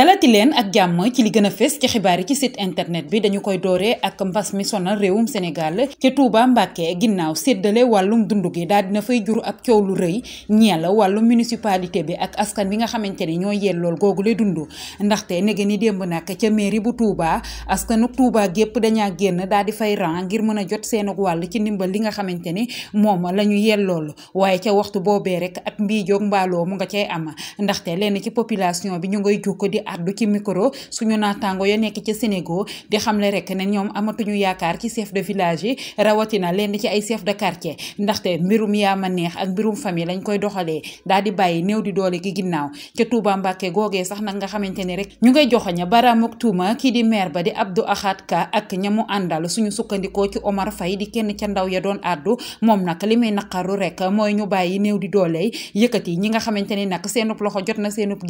dalati leen ak jàmm ci li gën a fes ci xibaar yi ci site internet bi dañu koy dooree ak mbas mi sonal réewum Sénégal ca Touba Mbacké ginnaaw séddale wàllum dund gi daal dina fay jur ab coow lu rëy ñeel wàllum municipalité bi ak askan bi nga xamante ni ñoo yellool googu le dund ndaxte nege ni démb nag ca mairie bu Touba askanu Touba gépp dañaa génn dal di fay ran ngir mën a jot seen wàll ci ndimbal li nga xamante ni moom la ñu yellool waaye ca waxtu boobee rek at mbii mbaaloo mu nga cay am ndaxte lenn ci population bi ñu ngay addu ci micro suñu naataango ya nekk ca Sénégal di xamle rek ne ñoom amatuñu yaakaar ci chef de village yi rawatina lenn ci ay chef de quartier ndaxte mbirum yaama neex ak mbirum famille lañ koy doxalee daal di bàyyi néew di doole gi ginnaaw ca Touba Mbacke googee sax nag nga xamante ne rek ñu ngay joxoña baraamuk tuuma kii di maire ba di Abdou Ahad Ka ak ñamu àndal suñu sukkandikoo ci Omar fay di kenn ca ndaw ya doon addu moom nag li muy naqaru rek mooy ñu bàyyi néew di doole yëkkati ñi xamante ne nag seenub loxo jot na seenub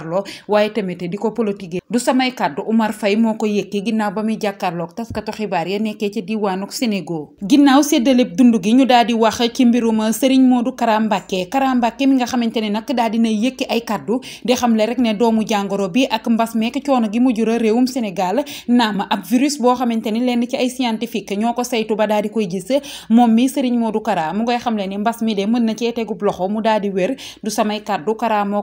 parparloo waaye tamit di ko politiquer du samay kàddu Umar Faye moo ko yëkkee ginnaaw ba muy jàkkaarloog taskatu xibaar ya nekkee ci diwaanuk Sénégal ginnaaw séddaleb dund gi ñu daal di wax ci mbirum Serigne Modou Kara Mbacké Kara Mbacké mi nga xamante ne nag daal dina yëkki ay kàddu di xamle rek ne doomu jàngoro bi ak mbas meek coono gi mu jura réewum Sénégal naama ab virus boo xamante lenn ci ay scientifique ñoo ko saytu ba daal di koy gis moom mi Serigne Modou Kara mu ngay xamle ni mbas mi de mën na cee tegub loxo mu daal di wér du samay kàddu Kara moo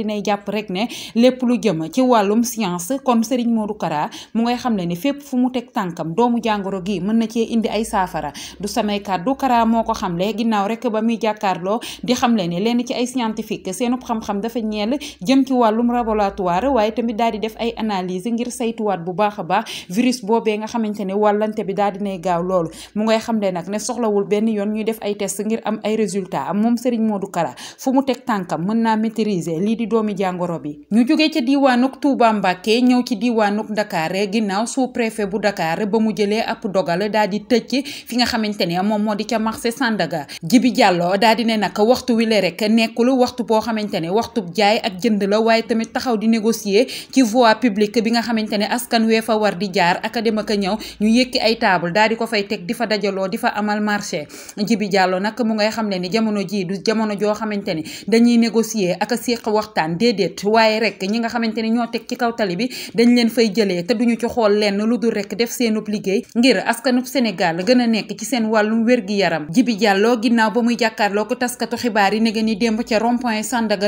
dinay jàpp rek ne lépp lu jëm ci wàllum science kon Serigne Modou Kara mu ngay xam ne ni fépp fu mu teg tànkam doomu jàngoro gi mën na cee indi ay saafara du samay kàddu Kara moo ko xamle ginnaaw rek ba muy jàkkaarloo di xamle ne lenn ci ay scientifique seenub xam dafa ñeel jëm ci wàllum laboratoire waaye tamit daal di def ay analyse ngir saytuwaat bu baax a baax virus boobee nga xamante ne wàllante bi daal dinay gaaw loolu mu ngay xamle nag ne soxlawul benn yoon ñuy def ay test ngir am ay résultat moom Serigne Modou Kara fu mu teg tànkam mën naa maîtriser lii di doomi jàngoro bi ñu jógee ca diiwaanuk Touba Mbàkke ñëw ci diiwaanuk Dakar ginnaaw sous-préfet bu Dakar ba mu jëlee ab dogal daal di tëj fi nga xamante ne moom moo di ca marché Sandaga Jibi Jàllo daal di ne nag waxtu wi le rek nekkul waxtu boo xamante ne waxtu jaay ak jënd la waaye tamit taxaw di négocier ci voie publique bi nga xamante ne askan wee fa war di jaar ak dem ak ñu yëkki ay table daal di ko fay teg di fa dajaloo di fa amal marché Jibi Jàllo nag mu ngay xam ne ni jamono ji du jamono joo xamante dañuy négocier ak séq waxtaan waxtaan déedéet waaye rek ñi nga xamante ni ñoo teg ci kaw tali bi dañ leen fay jëlee te duñu ci xool lenn lu dul rek def seenub liggéey ngir askanub Sénégal gën a nekk ci seen wàllum wér-gi-yaram Djibi Diallo ginnaaw ba muy jàkkaarloo ko taskatu xibaar yi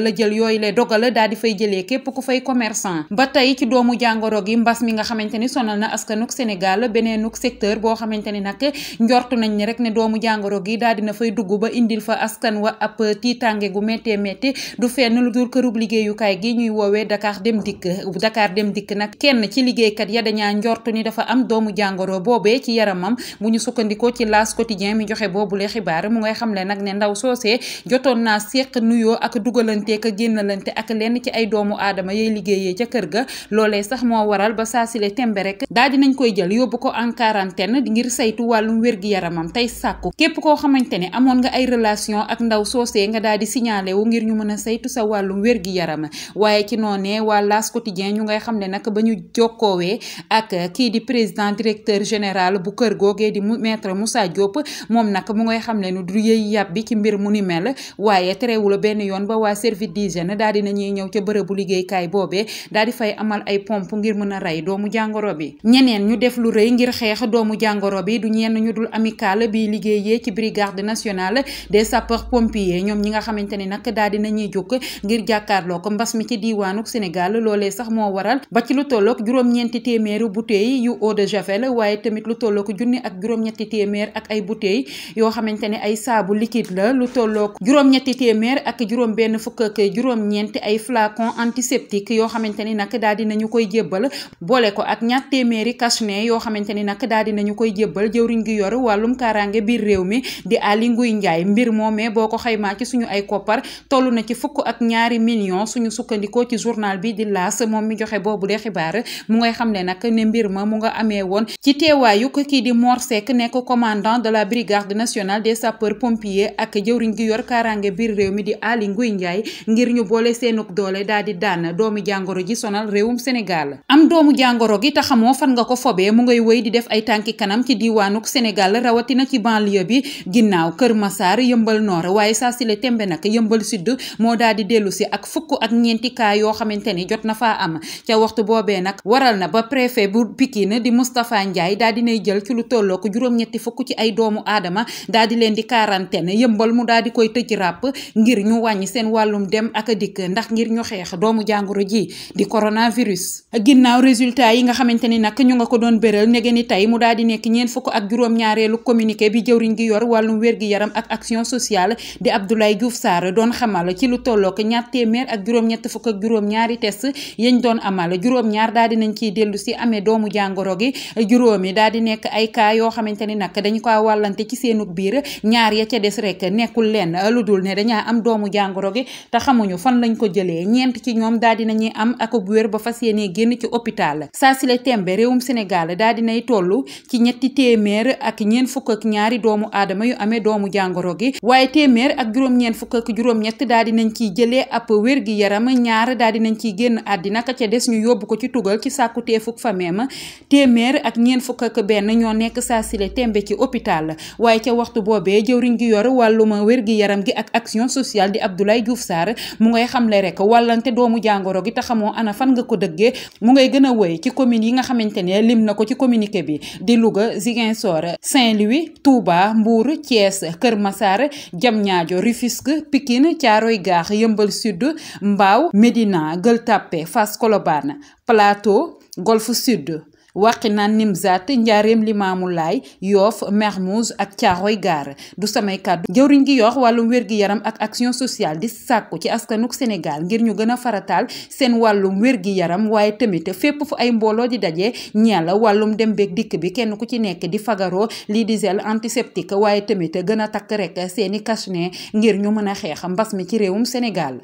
la jël yooyu le di fay jëlee képp ku fay commerçant ba tey ci doomu jàngoro gi mbas mi nga xamante ni sonal na askanug Sénégal beneenug secteur boo xamante ni nag njortu nañ ni rek ne doomu jàngoro gi daal dina fay dugg ba indil fa askan wa ab tiitange gu méttee métti du fenn lu dul kërub liggéeyukaay gi ñuy woowee Dakar Dem Dikk Dakar Dem Dikk nag kenn ci liggéeykat ya dañaa njort ni dafa am doomu jàngoro boobee ci yaramam bu ñu sukkandikoo ci L'As Quotidien mi joxe boobule xibaar mu ngay xamle nag ne ndaw soosee jotoon naa séq nuyoo ak dugalanteek génnalante ak lenn ci ay doomu aadama yay liggéeyee ca kër ga loolee sax moo waral ba saa sile tembe rek daal dinañ koy jël yóbbu ko en quarantaine ngir saytu wàllum wér-gi-yaramam tey sàkku képp koo xamante ne amoon nga ay relation ak ndaw soosee nga daal di signalé wu ngir ñu mën a yaram waaye ci noonee waa L'As Quotidien ñu ngay xam ne nag ba ñu jokkoowee ak kii di président directeur général bu kër googee di maître Moussa Diop moom nag mu ngay xam ne ni du yëy yàb bi ci mbir mu ni mel waaye terewul benn yoon ba waa service d'hygiène daal di nañuy ñëw ca bërëbu liggéeykaay boobee daal di fay amal ay pompe ngir mën a rey doomu jàngoro bi ñeneen ñu def lu rëy ngir xeex doomu jàngoro bi du ñenn ñu dul amical bi liggéeyee ci brigade nationale des sapeurs pompiers ñoom ñi nga xamante ni jàmmaarloo ko mbas mi ci diiwaanuk Sénégal loolee sax moo waral ba ci lu tollook juróom-ñeenti téeméeru bouteille yu eau de javel waaye tamit lu tollook junni ak juróom-ñetti téeméer ak ay bouteille yoo xamante ne ay saabu liquide la lu tollook juróom-ñetti téeméer ak juróom benn fukk ak juróom-ñeenti ay flacon antiseptique yoo xamante ni nag daal dinañu koy jébbal boole ko ak ñaar téeméeri cache-nez yoo xamante ni nag daal dinañu koy jébbal jëwriñ gi yor wàllum kaaraange biir réew mi di Aly Ngouille Ndiaye mbir moomee boo ko xaymaa ci suñu ay koppar toll Lyon suñu sukkandikoo ci journal bi di laas moom mi joxe boobu de xibaar mu ngay xam ne nag ne mbir ma mu nga amee woon ci teewaayu kii di Mor Seck nekk commandant de la brigade nationale des sapeurs pompiers ak jëwriñ gi yor kaaraange biir réew mi di Aly Ngouille Ndiaye ngir ñu boole seenug doole daal di daan doomi jàngoro ji sonal réewum Sénégal am doomu jàngoro gi taxamoo fan nga ko fobee mu ngay wéy di def ay tànki kanam ci diiwaanuk Sénégal rawatina ci banlieue bi ginnaaw Kër Massar yëmbal noor fukk ak ñeenti cas yoo xamante ni jot na faa am ca waxtu boobee nag waral na ba préfet bu Pikine di Moustapha Ndiaye daa nay jël ci lu tolloo ko juróom-ñetti fukk ci ay doomu aadama daa di leen di quarantaine yëmbal mu daa di koy tëj ràpp ngir ñu wàññi seen wàllum dem ak dikk ndax ngir ñu xeex doomu jàngoro ji di coronavirus ginnaaw résultat yi nga xamante ni nag ñu nga ko doon béral nege ni tey mu daa di nekk ñeent fukk ak juróom-ñaareelu communiqué bi jëwriñ gi yor wàllum wér gi ak action sociale téeméer ak juróom-ñett fukk ak juróom-ñaari test yañ doon amal juróom-ñaar daal di nañ ciy dellu si amee doomu jàngoro gi juróomi daal di nekk ay cas yoo xamante ni nag dañu ko wàllante ci seenu biir ñaar ya ca des rek nekkul leen lu dul ne dañaa am doomu jàngoro gi te xamuñu fan lañ ko jëlee ñeent ci ñoom daal di nañuy am ak bu ba fas yéenee génn ci hôpital saa si la tembe réewum Sénégal daal di nay toll ci ñetti téeméer ak ñeent fukk ak doomu aadama yu amee doomu jàngoro gi juróom ñett daal nañ ciy jëlee ab wér wér gi daal dinañ ciy génn àddina ka ca des ñu yóbbu ko ci tugal ci sàkku teefuk fameem téeméer ak ñeen fukk benn ñoo nekk saa sile tembe ci hôpital waaye ca waxtu boobee jëwriñ gi yor wàlluma wér-gi-yaram gi ak action sociale di Abdoulaye Diouf saar mu ngay xamle rek wàllante doomu jàngoro gi te xamoo ana fan nga ko dëggee mu ngay gën a wëy ci commune yi nga xamante ne lim na ko ci communiqué bi di Louga Ziguinchor Saint-Louis Touba Mbour Thiès Kër Massar Diamniadio Rufisque Pikine Thiaroye Gare Yeumbeul Sud mbaaw médina Gueule Tapée Fass Colobane plateau golfe sud Wakhinane Nimzatt Njaareem Limaamulaay Yoff Mermoz ak Caaroy Gaar du samay kàddu jëwriñ gi yox wàllum wér-gi-yaram ak action sociale di sàkku ci askanuk Sénégal ngir ñu gën a farataal seen wàllum wér-gi-yaram waaye tamit fépp fu ay mbooloo di dajee ñeel wàllum dem beeg dikk bi kenn ku ci nekk di fagaroo lii di gel antiseptique waaye tamit gën a takk rek seeni cache ngir ñu mën a xeex mbas mi ci réewum Sénégal